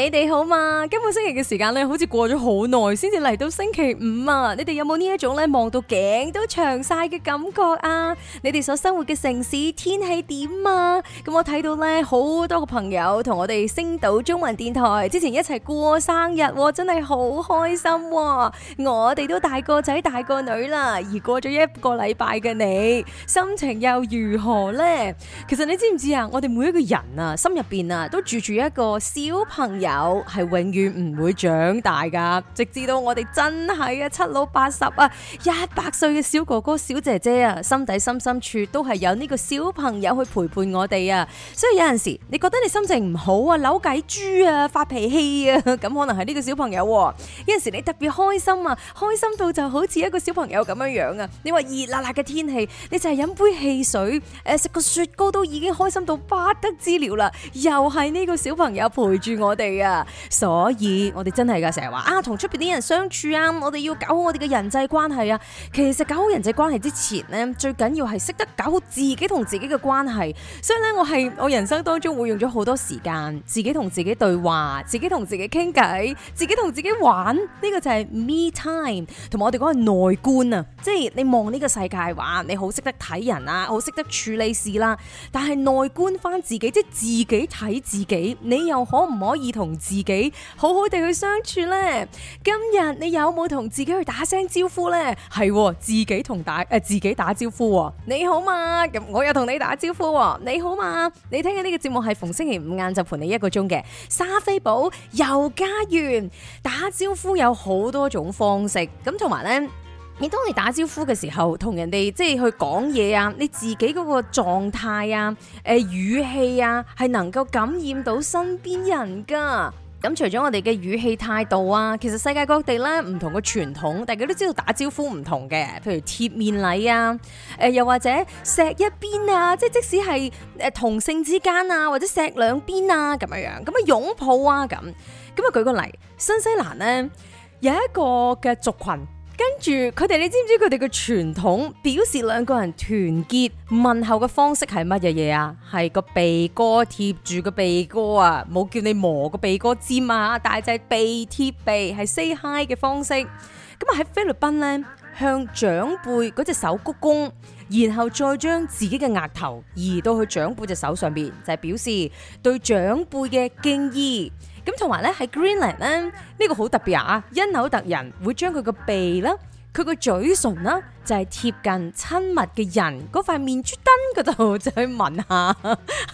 你哋好嘛？今個星期嘅時間咧，好似過咗好耐，先至嚟到星期五啊！你哋有冇呢一種咧，望到頸都長晒嘅感覺啊？你哋所生活嘅城市天氣點啊？咁我睇到咧，好多個朋友同我哋星島中文電台之前一齊過生日，真係好開心啊。我哋都大個仔大個女啦，而過咗一個禮拜嘅你，心情又如何呢？其實你知唔知啊？我哋每一個人啊，心入邊啊，都住住一個小朋友。有係永遠唔會長大噶，直至到我哋真係啊七老八十啊一百歲嘅小哥哥小姐姐啊，心底深深處都係有呢個小朋友去陪伴我哋啊。所以有陣時你覺得你心情唔好啊扭計豬啊發脾氣啊，咁可能係呢個小朋友啊。有陣時你特別開心啊，開心到就好似一個小朋友咁樣樣啊。你話熱辣辣嘅天氣，你就係飲杯汽水，誒、呃、食個雪糕都已經開心到不得之了啦。又係呢個小朋友陪住我哋啊。所以我哋真係噶，成日話啊，同出邊啲人相處啊，我哋要搞好我哋嘅人際關係啊。其實搞好人際關係之前咧，最緊要係識得搞好自己同自己嘅關係。所以咧，我係我人生當中會用咗好多時間，自己同自己對話，自己同自己傾偈，自己同自己玩。呢個就係 me time，同埋我哋講係內觀啊，即係你望呢個世界話，你好識得睇人啊，好識得處理事啦，但係內觀翻自己，即係自己睇自己，你又可唔可以？同自己好好地去相處呢。今日你有冇同自己去打聲招呼咧？係、哦、自己同打誒、呃，自己打招呼，你好嘛？咁我又同你打招呼，你好嘛？你聽緊呢個節目係逢星期五晏晝就陪你一個鐘嘅莎菲寶遊加園。打招呼有好多種方式，咁同埋呢。你當你打招呼嘅時候，同人哋即係去講嘢啊，你自己嗰個狀態啊，誒語氣啊，係能夠感染到身邊人㗎。咁除咗我哋嘅語氣態度啊，其實世界各地咧，唔同嘅傳統，大家都知道打招呼唔同嘅，譬如貼面禮啊，誒又或者錫一邊啊，即即使係同性之間啊，或者錫兩邊啊咁樣樣，咁啊擁抱啊咁，咁啊舉個例，新西蘭呢，有一個嘅族群。住佢哋，你知唔知佢哋嘅傳統表示兩個人團結問候嘅方式係乜嘢嘢啊？係個鼻哥貼住個鼻哥啊，冇叫你磨個鼻哥尖啊，但係鼻貼鼻，係 say hi 嘅方式。咁啊喺菲律賓呢，向長輩嗰隻手鞠躬，然後再將自己嘅額頭移到去長輩隻手上邊，就係、是、表示對長輩嘅敬意。咁同埋咧喺 Greenland 呢，呢個好特別啊，因紐特人會將佢個鼻啦。佢個嘴唇呢，就係、是、貼近親密嘅人嗰塊面珠墩嗰度，就去、是、聞下，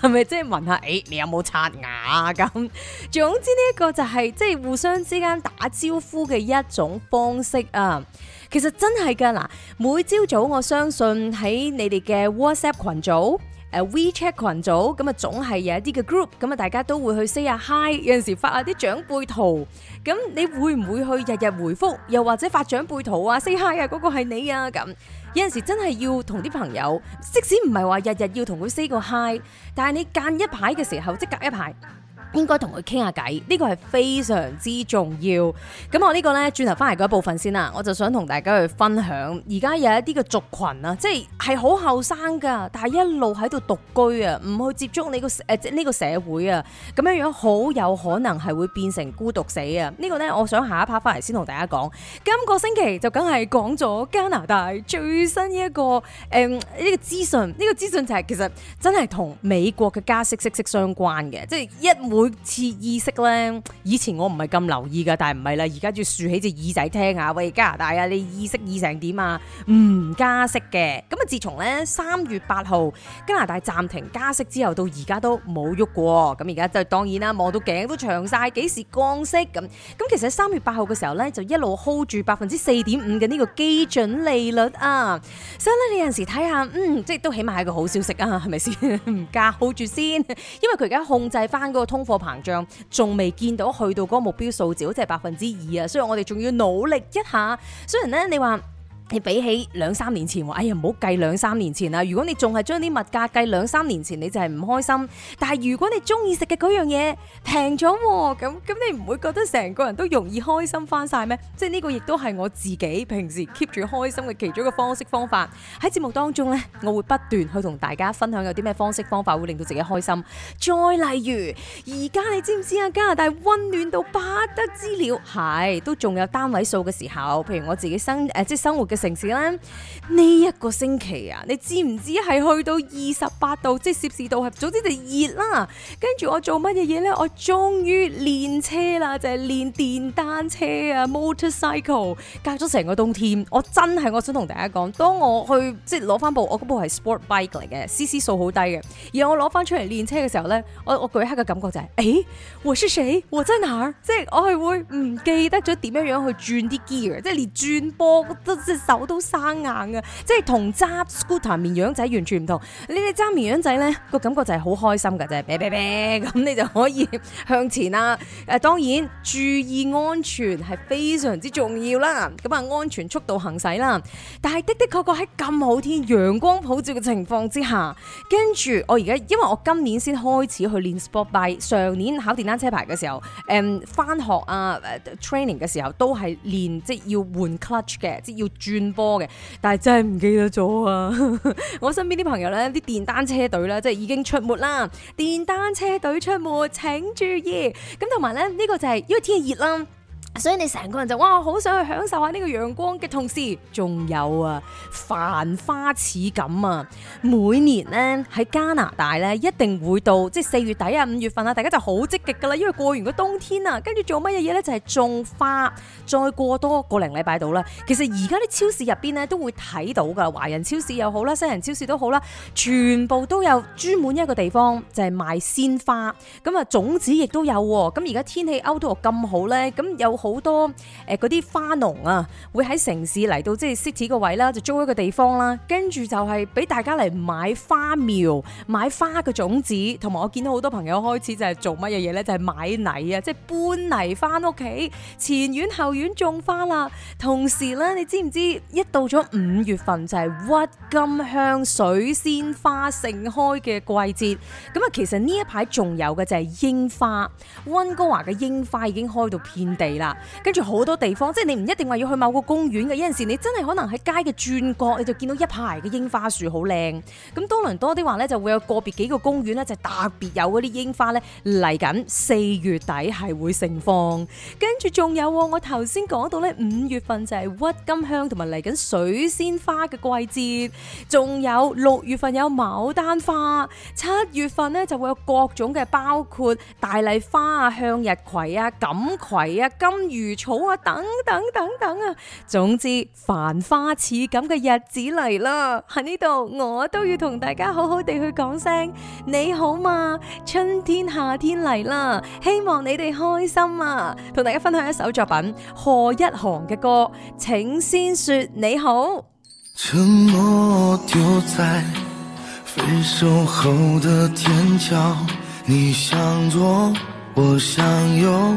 係咪即係聞下？誒、欸，你有冇刷牙？咁，總之呢一個就係即係互相之間打招呼嘅一種方式啊！其實真係㗎嗱，每朝早我相信喺你哋嘅 WhatsApp 群組。誒，WeChat 群組咁啊，總係有一啲嘅 group，咁啊，大家都會去 say 下 hi，有陣時發下啲長輩圖，咁你會唔會去日日回覆？又或者發長輩圖啊，say hi 啊，嗰個係你啊，咁有陣時真係要同啲朋友，即使唔係話日日要同佢 say 個 hi，但係你間一排嘅時候，即隔一排。應該同佢傾下偈，呢個係非常之重要。咁我呢個咧，轉頭翻嚟嗰一部分先啦，我就想同大家去分享。而家有一啲嘅族群，啊，即係係好後生噶，但係一路喺度獨居啊，唔去接觸你個誒呢個社會啊，咁樣樣好有可能係會變成孤獨死啊。呢個呢，我想下一 part 翻嚟先同大家講。今個星期就梗係講咗加拿大最新一個誒呢個資訊，呢個資訊就係其實真係同美國嘅加息息息相關嘅，即係一會每次意識咧，以前我唔係咁留意噶，但係唔係啦，而家仲要豎起隻耳仔聽下，喂，加拿大啊，你意識意識成點啊？唔加息嘅，咁啊自從咧三月八號加拿大暫停加息之後，到而家都冇喐過。咁而家就當然啦，望到頸都長晒，幾時降息咁？咁其實三月八號嘅時候咧，就一路 hold 住百分之四點五嘅呢個基準利率啊。所以咧，你有時睇下，嗯，即係都起碼係一個好消息啊，係咪先？唔 加 hold 住先，因為佢而家控制翻嗰個通貨膨脹仲未見到去到嗰個目標數字，好似係百分之二啊，所以我哋仲要努力一下。雖然咧，你話。你比起兩三年前，哎呀唔好計兩三年前啊，如果你仲係將啲物價計兩三年前，你就係唔開心。但係如果你中意食嘅嗰樣嘢平咗，咁咁你唔會覺得成個人都容易開心翻晒咩？即係呢個亦都係我自己平時 keep 住開心嘅其中一個方式方法。喺節目當中呢，我會不斷去同大家分享有啲咩方式方法會令到自己開心。再例如而家你知唔知啊？加拿大溫暖到不得之了，係都仲有單位數嘅時候。譬如我自己生誒即生活嘅。城市呢，呢一個星期啊，你知唔知係去到二十八度，即攝氏度係，總之就熱啦。跟住我做乜嘢嘢呢？我終於練車啦，就係、是、練電單車啊，motorcycle。隔咗成個冬天，我真係我想同大家講，當我去即係攞翻部，我嗰部係 sport bike 嚟嘅，CC 數好低嘅。然後我攞翻出嚟練車嘅時候呢，我我嗰一刻嘅感覺就係、是，誒，我是誰？我在哪？即係我係會唔記得咗點樣樣去轉啲 gear？即係連轉波都即、就是。手都生硬啊！即係同揸 scooter、綿羊仔完全唔同。你哋揸綿羊仔呢個感覺就係好開心嘅啫，咩咩咩咁，你就可以向前啦。誒，當然注意安全係非常之重要啦。咁啊，安全速度行駛啦。但係的的確確喺咁好天、陽光普照嘅情況之下，跟住我而家，因為我今年先開始去練 sport bike，上年考電單車牌嘅時候，誒、嗯，翻學啊，training 嘅時候都係練即係要換 clutch 嘅，即係要轉。轉波嘅，但係真係唔記得咗啊！ 我身邊啲朋友呢，啲電單車隊呢，即係已經出沒啦，電單車隊出沒，請注意。咁同埋呢，呢個就係因為天熱啦。所以你成個人就哇，好想去享受下呢個陽光嘅同時，仲有啊繁花似錦啊！每年呢，喺加拿大呢，一定會到即係四月底啊、五月份啊，大家就好積極噶啦，因為過完個冬天啊，跟住做乜嘢嘢呢？就係、是、種花。再過多個零禮拜到啦。其實而家啲超市入邊呢，都會睇到噶，華人超市又好啦，西人超市都好啦，全部都有專門一個地方就係、是、賣鮮花。咁啊，種子亦都有喎。咁而家天氣歐到咁好呢。咁有。好多誒嗰啲花農啊，會喺城市嚟到即係 city 個位啦，就租一個地方啦，跟住就係俾大家嚟買花苗、買花嘅種子，同埋我見到好多朋友開始就係做乜嘢嘢呢？就係買泥啊，即係搬泥翻屋企，前院後院種花啦。同時呢，你知唔知一到咗五月份就係鬱金香、水仙花盛開嘅季節？咁啊，其實呢一排仲有嘅就係櫻花，溫哥華嘅櫻花已經開到遍地啦。跟住好多地方，即係你唔一定話要去某個公園嘅，有陣時你真係可能喺街嘅轉角，你就見到一排嘅櫻花樹好靚。咁多倫多啲話呢，就會有個別幾個公園呢就特別有嗰啲櫻花呢。嚟緊四月底係會盛放。跟住仲有我頭先講到呢，五月份就係鬱金香同埋嚟緊水仙花嘅季節，仲有六月份有牡丹花，七月份呢就會有各種嘅包括大麗花啊、向日葵啊、錦葵啊、金。如草啊，等等等等啊，總之繁花似錦嘅日子嚟啦！喺呢度我都要同大家好好地去講聲你好嘛，春天夏天嚟啦，希望你哋開心啊！同大家分享一首作品，賀一航嘅歌，請先說你好承諾丟在分手後的天橋，你想做我想有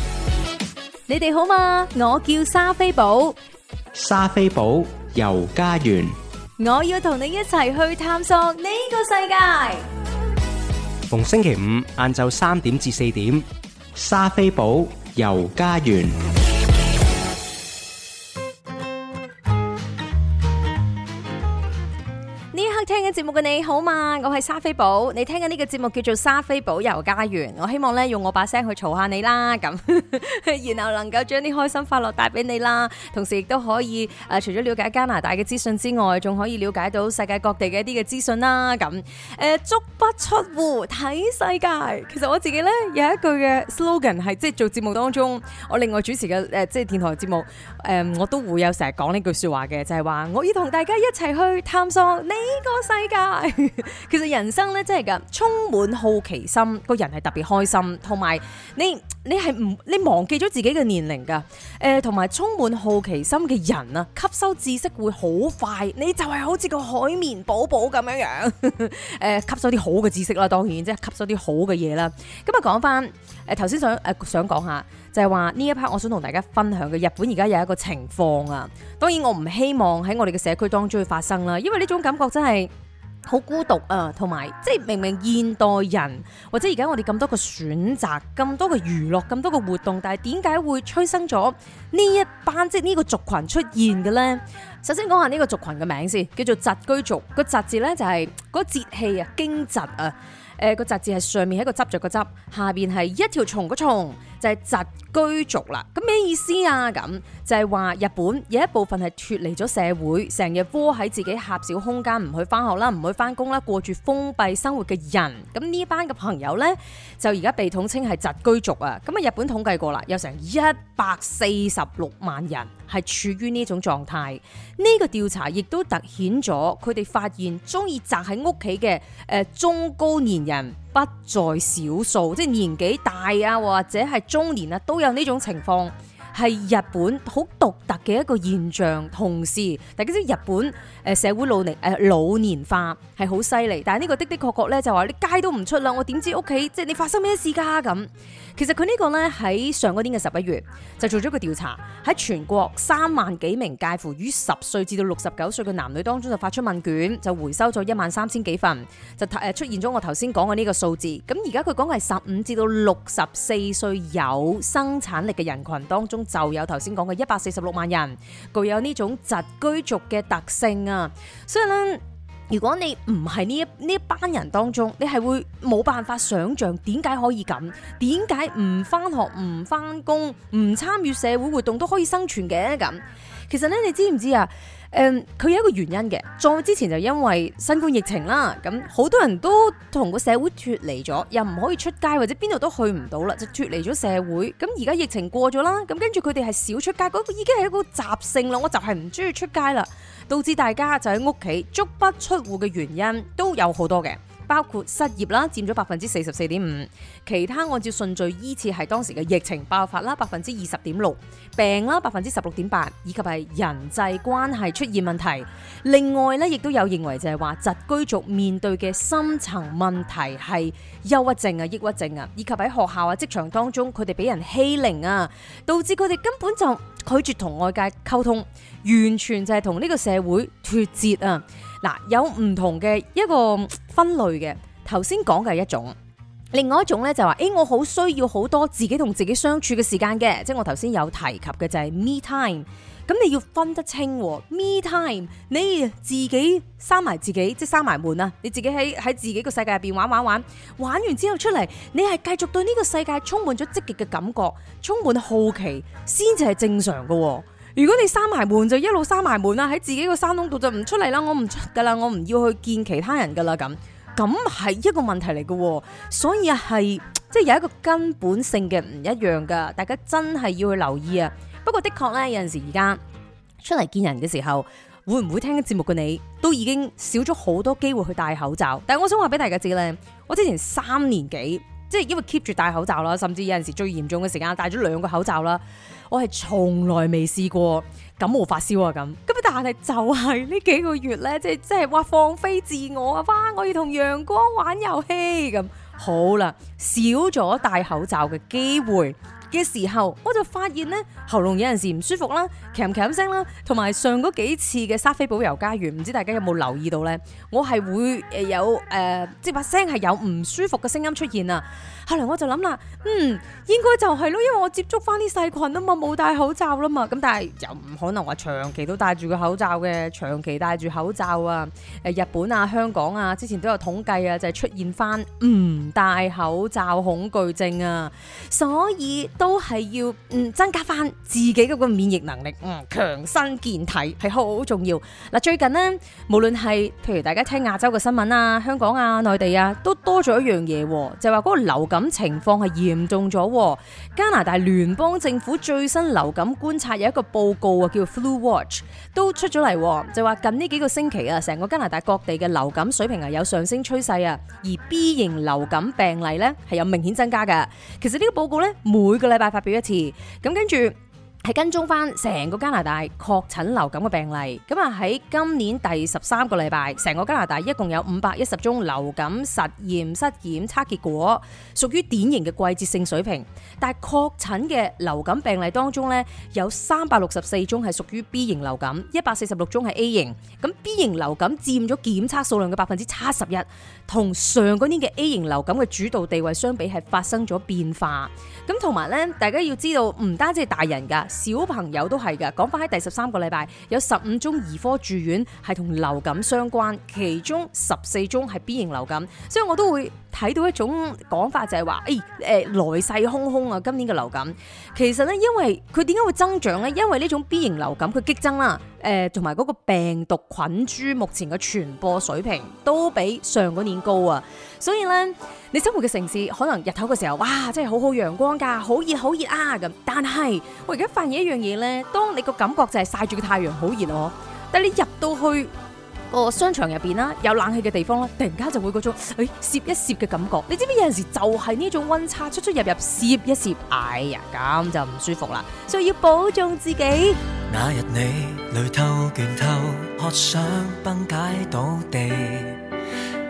你哋好嘛？我叫莎菲寶，莎菲寶遊加園，我要同你一齊去探索呢個世界。逢星期五晏晝三點至四點，莎菲寶遊加園。節目嘅，你好嘛？我係莎菲寶，你聽緊呢個節目叫做莎菲寶遊加園。我希望咧用我把聲去嘈下你啦，咁 然後能夠將啲開心快樂帶俾你啦。同時亦都可以誒、呃，除咗了，了解加拿大嘅資訊之外，仲可以了解到世界各地嘅一啲嘅資訊啦。咁誒，足、呃、不出戶睇世界。其實我自己咧有一句嘅 slogan 係，即係做節目當中，我另外主持嘅誒、呃，即係電台節目誒、呃，我都會有成日講呢句說話嘅，就係、是、話我要同大家一齊去探索呢個世界。 其實人生咧真係咁充滿好奇心，個人係特別開心，同埋你你係唔你忘記咗自己嘅年齡噶，誒、呃，同埋充滿好奇心嘅人啊，吸收知識會好快，你就係好似個海綿寶寶咁樣樣，誒、 呃，吸收啲好嘅知識啦，當然即係吸收啲好嘅嘢啦。咁啊，講翻誒頭先想誒、呃、想講下就係話呢一 part，我想同大家分享嘅日本而家有一個情況啊，當然我唔希望喺我哋嘅社區當中發生啦，因為呢種感覺真係。好孤獨啊，同埋即係明明現代人或者而家我哋咁多個選擇、咁多個娛樂、咁多個活動，但係點解會催生咗呢一班即係呢個族群出現嘅咧？首先講下呢個族群嘅名先，叫做蟄居族。個蟄字咧就係個節氣啊，驚蟄啊。誒個蟄字係上面係一個執著個執，下邊係一條蟲個蟲。就係、是、宅居族啦，咁咩意思啊？咁就係、是、話日本有一部分係脱離咗社會，成日窩喺自己狹小空間，唔去返學啦，唔去返工啦，過住封閉生活嘅人。咁呢班嘅朋友呢，就而家被統稱係宅居族啊。咁啊，日本統計過啦，有成一百四十六萬人係處於呢種狀態。呢、這個調查亦都突顯咗，佢哋發現中意宅喺屋企嘅誒中高年人不在少數，即係年紀大啊，或者係中年啊，都有呢種情況。係日本好獨特嘅一個現象，同時大家知日本誒社會老年誒老年化係好犀利，但係呢個的的確確咧，就話你街都唔出啦，我點知屋企即係你發生咩事噶咁？其實佢呢個咧喺上嗰年嘅十一月就做咗一個調查，喺全國三萬幾名介乎於十歲至到六十九歲嘅男女當中就發出問卷，就回收咗一萬三千幾份，就誒出現咗我頭先講嘅呢個數字。咁而家佢講係十五至到六十四歲有生產力嘅人群當中。就有頭先講嘅一百四十六萬人，具有呢種宅居族嘅特性啊。所以咧，如果你唔係呢一呢一班人當中，你係會冇辦法想像點解可以咁，點解唔返學、唔返工、唔參與社會活動都可以生存嘅咁？其實咧，你知唔知啊？誒、嗯，佢有一個原因嘅。再之前就因為新冠疫情啦，咁好多人都同個社會脫離咗，又唔可以出街或者邊度都去唔到啦，就脫離咗社會。咁而家疫情過咗啦，咁跟住佢哋係少出街，嗰、嗰個已經係一個習性咯，我就係唔中意出街啦，導致大家就喺屋企足不出戶嘅原因都有好多嘅。包括失業啦，佔咗百分之四十四點五；其他按照順序依次係當時嘅疫情爆發啦，百分之二十點六；病啦，百分之十六點八；以及係人際關係出現問題。另外咧，亦都有認為就係話，宅居族面對嘅深層問題係憂鬱症啊、抑鬱症啊，以及喺學校啊、職場當中佢哋俾人欺凌啊，導致佢哋根本就拒絕同外界溝通，完全就係同呢個社會脫節啊。嗱，有唔同嘅一個分類嘅，頭先講嘅係一種，另外一種咧就話，誒，我好需要好多自己同自己相處嘅時間嘅，即係我頭先有提及嘅就係 me time，咁你要分得清，me time，你自己閂埋自己，即係閂埋門啊，你自己喺喺自己個世界入邊玩玩玩，玩完之後出嚟，你係繼續對呢個世界充滿咗積極嘅感覺，充滿好奇先至係正常㗎。如果你閂埋門就一路閂埋門啦，喺自己個山窿度就唔出嚟啦，我唔出噶啦，我唔要去見其他人噶啦，咁咁係一個問題嚟嘅，所以係即係有一個根本性嘅唔一樣噶，大家真係要去留意啊。不過的確呢，有陣時而家出嚟見人嘅時候，會唔會聽節目嘅你都已經少咗好多機會去戴口罩。但係我想話俾大家知呢，我之前三年幾。即係因為 keep 住戴口罩啦，甚至有陣時最嚴重嘅時間戴咗兩個口罩啦，我係從來未試過感冒發燒呀咁。咁但係就係呢幾個月咧，即係即係話放飛自我啊，哇！我要同陽光玩遊戲咁。好啦，少咗戴口罩嘅機會。嘅時候，我就發現咧喉嚨有陣時唔舒服啦，咳咳聲啦，同埋上嗰幾次嘅莎菲寶遊加園，唔知大家有冇留意到咧？我係會有、呃、即係把聲係有唔舒服嘅聲音出現啊！後來我就諗啦，嗯，應該就係咯，因為我接觸翻啲細菌啊嘛，冇戴口罩啦嘛，咁但係又唔可能話長期都戴住個口罩嘅，長期戴住口罩啊，誒，日本啊、香港啊，之前都有統計啊，就係出現翻唔戴口罩恐懼症啊，所以都係要嗯增加翻自己嗰個免疫能力，嗯，強身健體係好重要。嗱，最近呢，無論係譬如大家聽亞洲嘅新聞啊、香港啊、內地啊，都多咗一樣嘢，就係話嗰個流感。咁情況係嚴重咗喎，加拿大聯邦政府最新流感觀察有一個報告啊，叫 Flu Watch 都出咗嚟，就話近呢幾個星期啊，成個加拿大各地嘅流感水平啊有上升趨勢啊，而 B 型流感病例咧係有明顯增加㗎。其實呢個報告咧每個禮拜發表一次，咁跟住，係跟蹤返成個加拿大確診流感嘅病例，咁啊喺今年第十三個禮拜，成個加拿大一共有五百一十宗流感實驗室檢測結果，屬於典型嘅季節性水平。但係確診嘅流感病例當中呢，有三百六十四宗係屬於 B 型流感，一百四十六宗係 A 型。咁 B 型流感佔咗檢測數量嘅百分之七十一，同上嗰年嘅 A 型流感嘅主導地位相比係發生咗變化。咁同埋呢，大家要知道唔單止係大人㗎。小朋友都係㗎，講返喺第十三個禮拜，有十五宗兒科住院係同流感相關，其中十四宗係 B 型流感，所以我都會。睇到一種講法就係話，誒誒來勢洶洶啊！今年嘅流感其實咧，因為佢點解會增長咧？因為呢種 B 型流感佢激增啦，誒同埋嗰個病毒菌株目前嘅傳播水平都比上嗰年高啊！所以咧，你生活嘅城市可能日頭嘅時候，哇，真係好好陽光㗎，好熱好熱啊咁。但係我而家發現一樣嘢咧，當你個感覺就係曬住個太陽好熱喎，但你入到去。個、哦、商場入面啦，有冷氣嘅地方咧，突然間就會嗰種，誒，攝一攝嘅感覺。你知唔知有陣時就係呢種温差出出入入，攝一攝，哎呀，咁就唔舒服啦，所以要保重自己。那日你淚透倦透渴想崩解倒地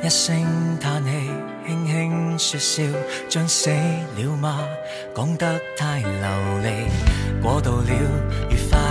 一聲嘆氣輕輕說笑將死了嗎講得太流利過度了，愉快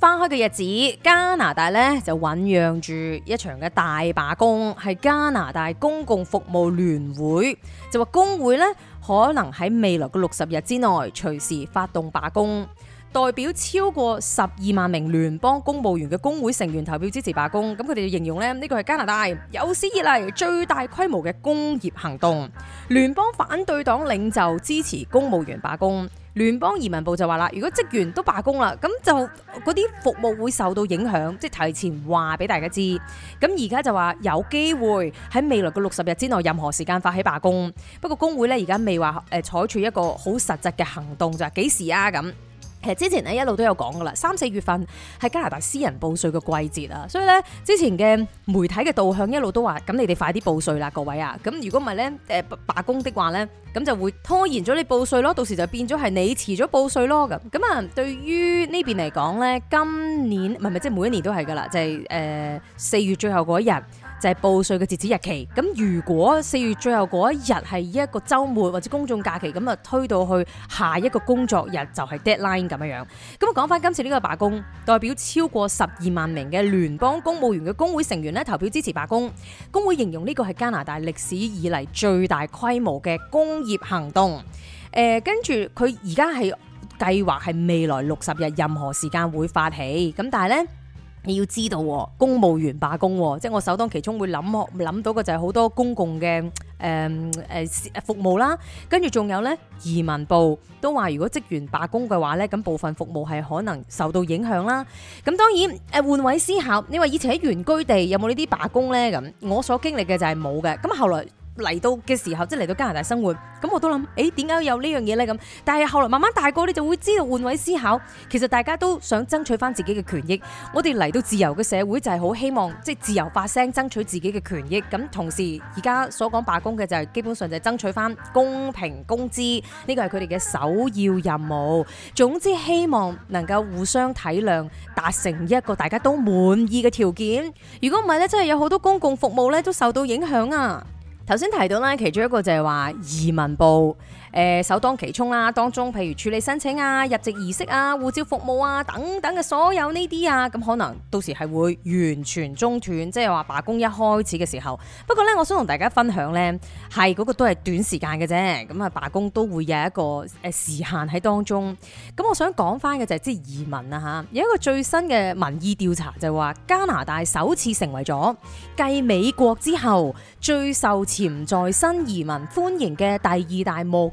花開嘅日子，加拿大咧就醞釀住一場嘅大罷工，係加拿大公共服務聯會就話工會咧可能喺未來嘅六十日之內隨時發動罷工，代表超過十二萬名聯邦公務員嘅工會成員投票支持罷工，咁佢哋就形容咧呢個係加拿大有史以嚟最大規模嘅工業行動，聯邦反對黨領袖支持公務員罷工。聯邦移民部就話啦，如果職員都罷工啦，咁就嗰啲服務會受到影響，即係提前話俾大家知。咁而家就話有機會喺未來嘅六十日之內，任何時間發起罷工。不過工會咧而家未話誒採取一個好實質嘅行動，就係幾時啊咁。誒之前咧一路都有講噶啦，三四月份係加拿大私人報稅嘅季節啊，所以咧之前嘅媒體嘅導向一路都話：咁你哋快啲報稅啦，各位啊！咁如果唔係咧，誒罷工的話咧，咁就會拖延咗你報稅咯，到時就變咗係你遲咗報稅咯。咁咁啊，對於呢邊嚟講咧，今年唔係，咪即係每一年都係噶啦，就係誒四月最後嗰一日。就係、是、報稅嘅截止日期。咁如果四月最後嗰一日係一個週末或者公眾假期，咁啊推到去下一個工作日就係 deadline 咁樣樣。咁講翻今次呢個罷工，代表超過十二萬名嘅聯邦公務員嘅工會成員咧投票支持罷工。工會形容呢個係加拿大歷史以嚟最大規模嘅工業行動。誒、呃，跟住佢而家係計劃係未來六十日任何時間會發起。咁但係呢。你要知道，公務員罷工，即係我首當其衝會諗，諗到嘅就係好多公共嘅誒誒服務啦。跟住仲有咧，移民部都話，如果職員罷工嘅話咧，咁部分服務係可能受到影響啦。咁當然誒換位思考，你話以前喺原居地有冇呢啲罷工咧？咁我所經歷嘅就係冇嘅。咁後來。嚟到嘅時候，即係嚟到加拿大生活咁，我都諗，誒點解有呢樣嘢呢？咁但係後來慢慢大個，你就會知道換位思考，其實大家都想爭取翻自己嘅權益。我哋嚟到自由嘅社會就係好希望即係自由發聲，爭取自己嘅權益。咁同時而家所講罷工嘅就係基本上就係爭取翻公平工資，呢個係佢哋嘅首要任務。總之，希望能夠互相體諒，達成一個大家都滿意嘅條件。如果唔係咧，真係有好多公共服務咧都受到影響啊！頭先提到呢，其中一個就係話移民部。誒首當其衝啦，當中譬如處理申請啊、入籍儀式啊、護照服務啊等等嘅所有呢啲啊，咁可能到時係會完全中斷，即係話罷工一開始嘅時候。不過呢，我想同大家分享呢，係嗰、那個都係短時間嘅啫，咁啊罷工都會有一個誒時限喺當中。咁我想講翻嘅就係即係移民啊，有一個最新嘅民意調查就係話加拿大首次成為咗繼美國之後最受潛在新移民歡迎嘅第二大目。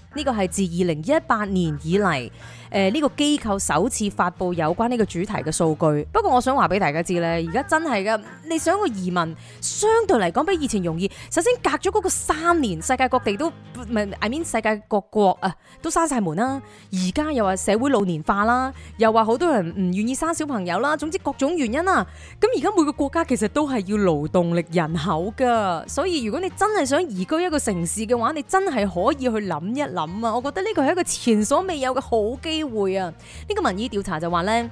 呢個係自二零一八年以嚟，誒呢個機構首次發布有關呢個主題嘅數據。不過我想話俾大家知咧，而家真係嘅，你想個移民相對嚟講比以前容易。首先隔咗嗰個三年，世界各地都唔係 I mean, 世界各國啊都閂晒門啦。而家又話社會老年化啦，又話好多人唔願意生小朋友啦。總之各種原因啊，咁而家每個國家其實都係要勞動力人口噶，所以如果你真係想移居一個城市嘅話，你真係可以去諗一諗。咁啊，我覺得呢個係一個前所未有嘅好機會啊！呢個民意調查就話呢，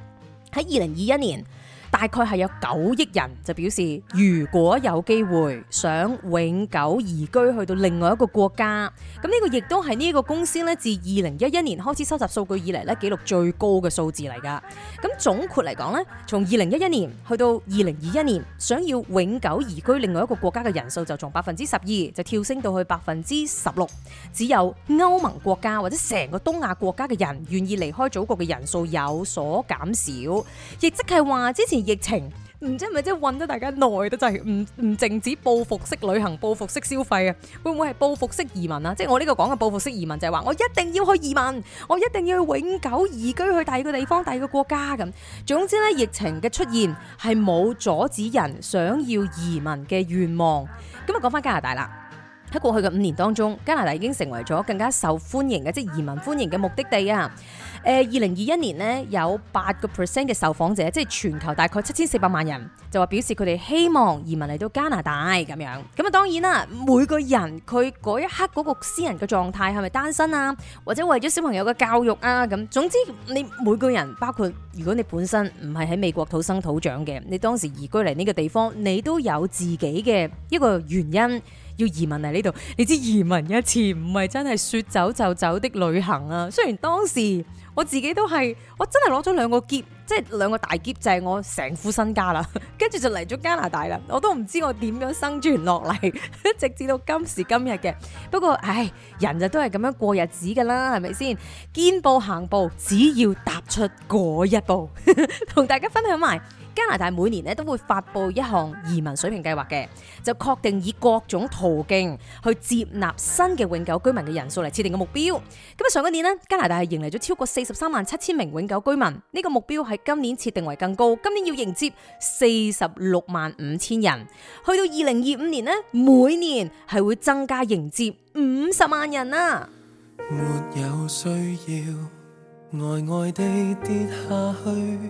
喺二零二一年，大概係有九億人就表示，如果有機會想永久移居去到另外一個國家，咁呢個亦都係呢個公司咧，自二零一一年開始收集數據以嚟咧，記錄最高嘅數字嚟噶。咁總括嚟講咧，從二零一一年去到二零二一年，想要永久移居另外一個國家嘅人數就從百分之十二就跳升到去百分之十六。只有歐盟國家或者成個東亞國家嘅人願意離開祖國嘅人數有所減少，亦即係話之前。疫情唔知係咪即係困咗大家耐都真係唔唔淨止報復式旅行報復式消費啊？會唔會係報復式移民啊？即係我呢個講嘅報復式移民就係話我一定要去移民，我一定要去永久移居去第二個地方、第二個國家咁。總之咧，疫情嘅出現係冇阻止人想要移民嘅願望。咁啊，講翻加拿大啦。喺過去嘅五年當中，加拿大已經成為咗更加受歡迎嘅即係移民歡迎嘅目的地啊！誒，二零二一年呢，有八個 percent 嘅受訪者，即係全球大概七千四百萬人，就話表示佢哋希望移民嚟到加拿大咁樣。咁啊，當然啦，每個人佢嗰一刻嗰個私人嘅狀態係咪單身啊，或者為咗小朋友嘅教育啊，咁總之你每個人，包括如果你本身唔係喺美國土生土長嘅，你當時移居嚟呢個地方，你都有自己嘅一個原因。要移民嚟呢度，你知移民一次唔係真係說走就走的旅行啊！雖然當時我自己都係，我真係攞咗兩個篋，即係兩個大篋，就係我成副身家啦。跟住就嚟咗加拿大啦，我都唔知我點樣生存落嚟，直至到今時今日嘅。不過唉，人就都係咁樣過日子㗎啦，係咪先？肩步行步，只要踏出嗰一步，同大家分享埋。加拿大每年咧都會發佈一項移民水平計劃嘅，就確定以各種途徑去接納新嘅永久居民嘅人數嚟設定嘅目標。咁上一年咧加拿大係迎嚟咗超過四十三萬七千名永久居民，呢個目標係今年設定為更高，今年要迎接四十六萬五千人，去到二零二五年咧每年係會增加迎接五十萬人啊！沒有需要，呆呆地跌下去。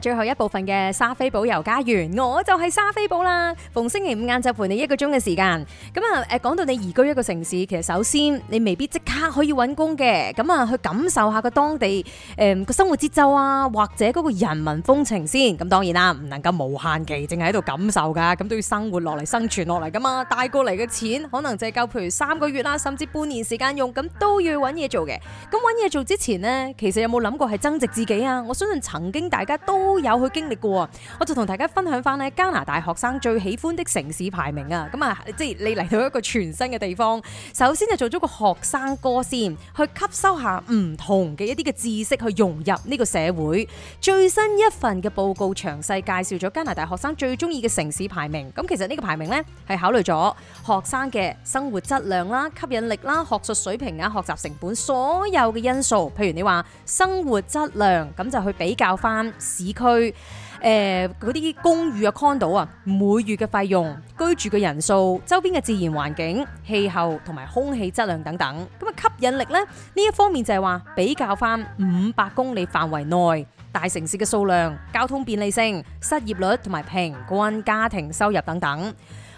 最後一部分嘅莎菲寶遊加園，我就係莎菲寶啦。逢星期五晏晝陪你一個鐘嘅時間。咁啊，誒講到你移居一個城市，其實首先你未必即刻可以揾工嘅。咁啊，去感受一下個當地誒個生活節奏啊，或者嗰個人民風情先。咁當然啦，唔能夠無限期淨喺度感受㗎，咁都要生活落嚟生存落嚟㗎嘛。帶過嚟嘅錢可能就係夠，譬如三個月啦，甚至半年時間用，咁都要揾嘢做嘅。咁揾嘢做之前呢，其實有冇諗過係增值自己啊？我相信曾經大家都～都有去經歷過，我就同大家分享翻呢加拿大學生最喜歡的城市排名啊！咁啊，即係你嚟到一個全新嘅地方，首先就做咗個學生歌先，去吸收下唔同嘅一啲嘅知識，去融入呢個社會。最新一份嘅報告詳細介紹咗加拿大學生最中意嘅城市排名。咁其實呢個排名呢，係考慮咗學生嘅生活質量啦、吸引力啦、學術水平呀、學習成本所有嘅因素。譬如你話生活質量，咁就去比較翻市。區誒，嗰啲公寓啊、condo 啊，每月嘅費用、居住嘅人數、周邊嘅自然環境、氣候同埋空氣質量等等，咁啊，吸引力咧，呢一方面就係話比較返五百公里範圍內大城市嘅數量、交通便利性、失業率同埋平均家庭收入等等。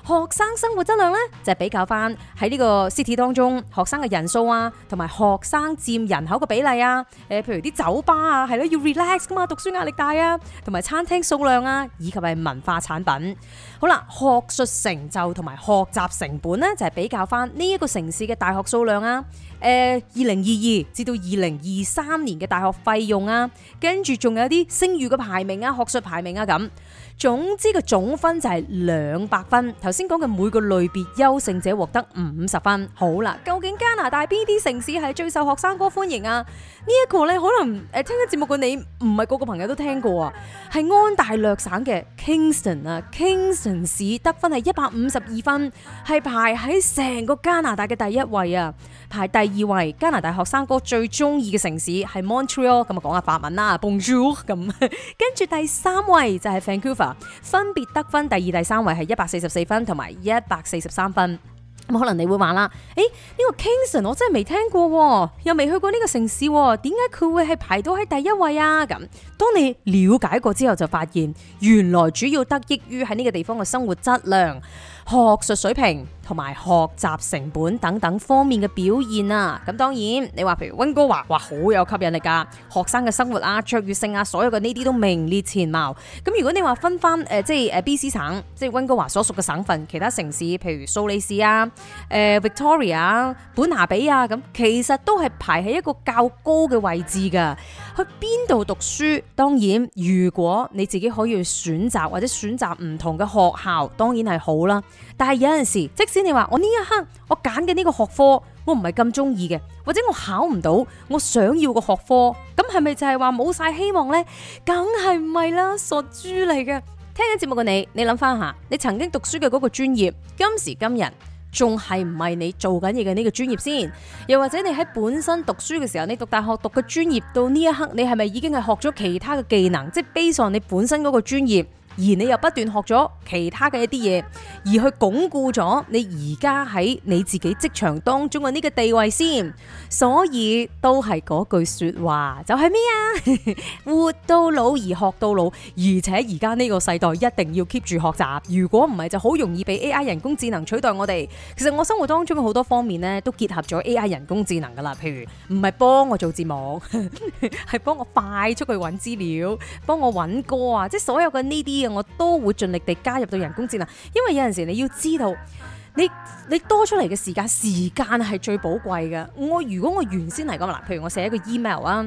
學生生活質量咧就係比較翻喺呢個 city 當中，學生嘅人數啊，同埋學生占人口嘅比例啊，誒，譬如啲酒吧啊，係咯，要 relax 噶嘛，讀書壓力大啊，同埋餐廳數量啊，以及係文化產品。好啦，學術成就同埋學習成本咧就係比較翻呢一個城市嘅大學數量啊，誒，二零二二至到二零二三年嘅大學費用啊，跟住仲有啲聲譽嘅排名啊，學術排名啊咁。總之個總分就係兩百分。頭先講嘅每個類別優勝者獲得五十分。好啦，究竟加拿大邊啲城市係最受學生哥歡迎啊？呢一個咧可能誒聽緊節目嘅你唔係個個朋友都聽過啊。係安大略省嘅 Kingston 啊，Kingston 市得分係一百五十二分，係排喺成個加拿大嘅第一位啊。排第二位加拿大學生哥最中意嘅城市係 Montreal，咁啊講下法文啦，Montreal 咁。Bonjour, 跟住第三位就係 Vancouver，分別得分第二、第三位係一百四十四分同埋一百四十三分。咁可能你會話啦，誒，呢個 Kingston 我真係未聽過，又未去過呢個城市，點解佢會係排到喺第一位啊？咁當你了解過之後就發現，原來主要得益於喺呢個地方嘅生活質量。學術水平同埋學習成本等等方面嘅表現啊，咁當然你話譬如溫哥華，哇，好有吸引力噶、啊，學生嘅生活啊、卓越性啊，所有嘅呢啲都名列前茅。咁如果你話分返誒、呃，即係誒、呃、BC 省，即係溫哥華所屬嘅省份，其他城市譬如素利市啊、誒、呃、Victoria、啊、本拿比啊，咁其實都係排喺一個較高嘅位置噶。去邊度讀書？當然，如果你自己可以選擇或者選擇唔同嘅學校，當然係好啦。但係有陣時，即使你話我呢一刻我揀嘅呢個學科我唔係咁中意嘅，或者我考唔到我想要嘅學科，咁係咪就係話冇晒希望呢？梗係唔係啦，傻豬嚟嘅。聽緊節目嘅你，你諗翻下，你曾經讀書嘅嗰個專業，今時今日。仲係唔係你做緊嘢嘅呢個專業先？又或者你喺本身讀書嘅時候，你讀大學讀嘅專業到呢一刻，你係咪已經係學咗其他嘅技能？即係背上你本身嗰個專業。而你又不斷學咗其他嘅一啲嘢，而去鞏固咗你而家喺你自己職場當中嘅呢個地位先，所以都係句說話，就係咩啊？ 活到老而學到老，而且而家呢個世代一定要 keep 住學習，如果唔係就好容易被 AI 人工智能取代我哋。其實我生活當中嘅好多方面咧都結合咗 AI 人工智能噶啦，譬如唔係幫我做節目，係 幫我快速去揾資料，幫我揾歌啊，即係所有嘅呢啲。我都會盡力地加入到人工智能，因為有陣時你要知道，你你多出嚟嘅時間，時間係最寶貴嘅。我如果我原先嚟講嗱，譬如我寫一個 email 啊，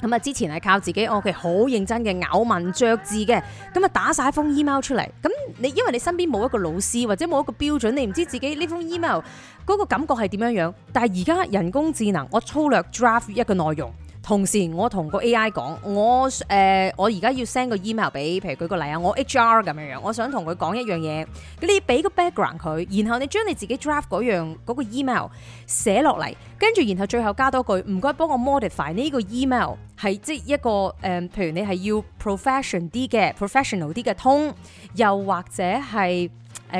咁啊之前係靠自己，我其實好認真嘅咬文嚼字嘅，咁啊打晒一封 email 出嚟。咁你因為你身邊冇一個老師或者冇一個標準，你唔知自己呢封 email 嗰個感覺係點樣樣。但係而家人工智能，我粗略 draft 一個內容。同時，我同個 AI 講，我誒、呃、我而家要 send 個 email 俾，譬如舉個例啊，我 HR 咁樣樣，我想同佢講一樣嘢，你俾個 background 佢，然後你將你自己 draft 嗰樣嗰個 email 寫落嚟，跟住然後最後加多句，唔該幫我 modify 呢個 email，係即係一個、呃、譬如你係要 professional 啲嘅 professional 啲嘅 tone，又或者係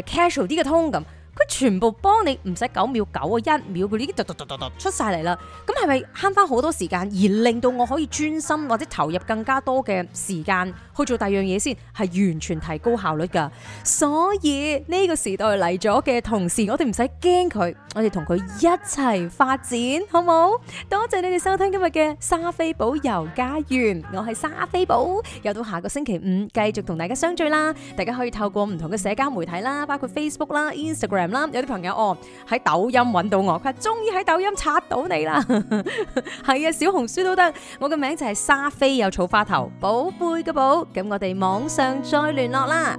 casual 啲嘅 tone，咁。佢全部幫你唔使九秒九啊，一秒佢呢啲嘟嘟嘟嘟出曬嚟啦。咁係咪慳翻好多時間，而令到我可以專心或者投入更加多嘅時間去做第二樣嘢先，係完全提高效率㗎。所以呢個時代嚟咗嘅同時，我哋唔使驚佢，我哋同佢一齊發展，好唔好？多謝你哋收聽今日嘅莎菲寶遊加園，我係莎菲寶，又到下個星期五繼續同大家相聚啦。大家可以透過唔同嘅社交媒體啦，包括 Facebook 啦、Instagram。有啲朋友哦喺抖音揾到我，佢話終於喺抖音刷到你啦，係 啊，小紅書都得，我嘅名就係莎菲有草花頭寶貝嘅寶，咁我哋網上再聯絡啦。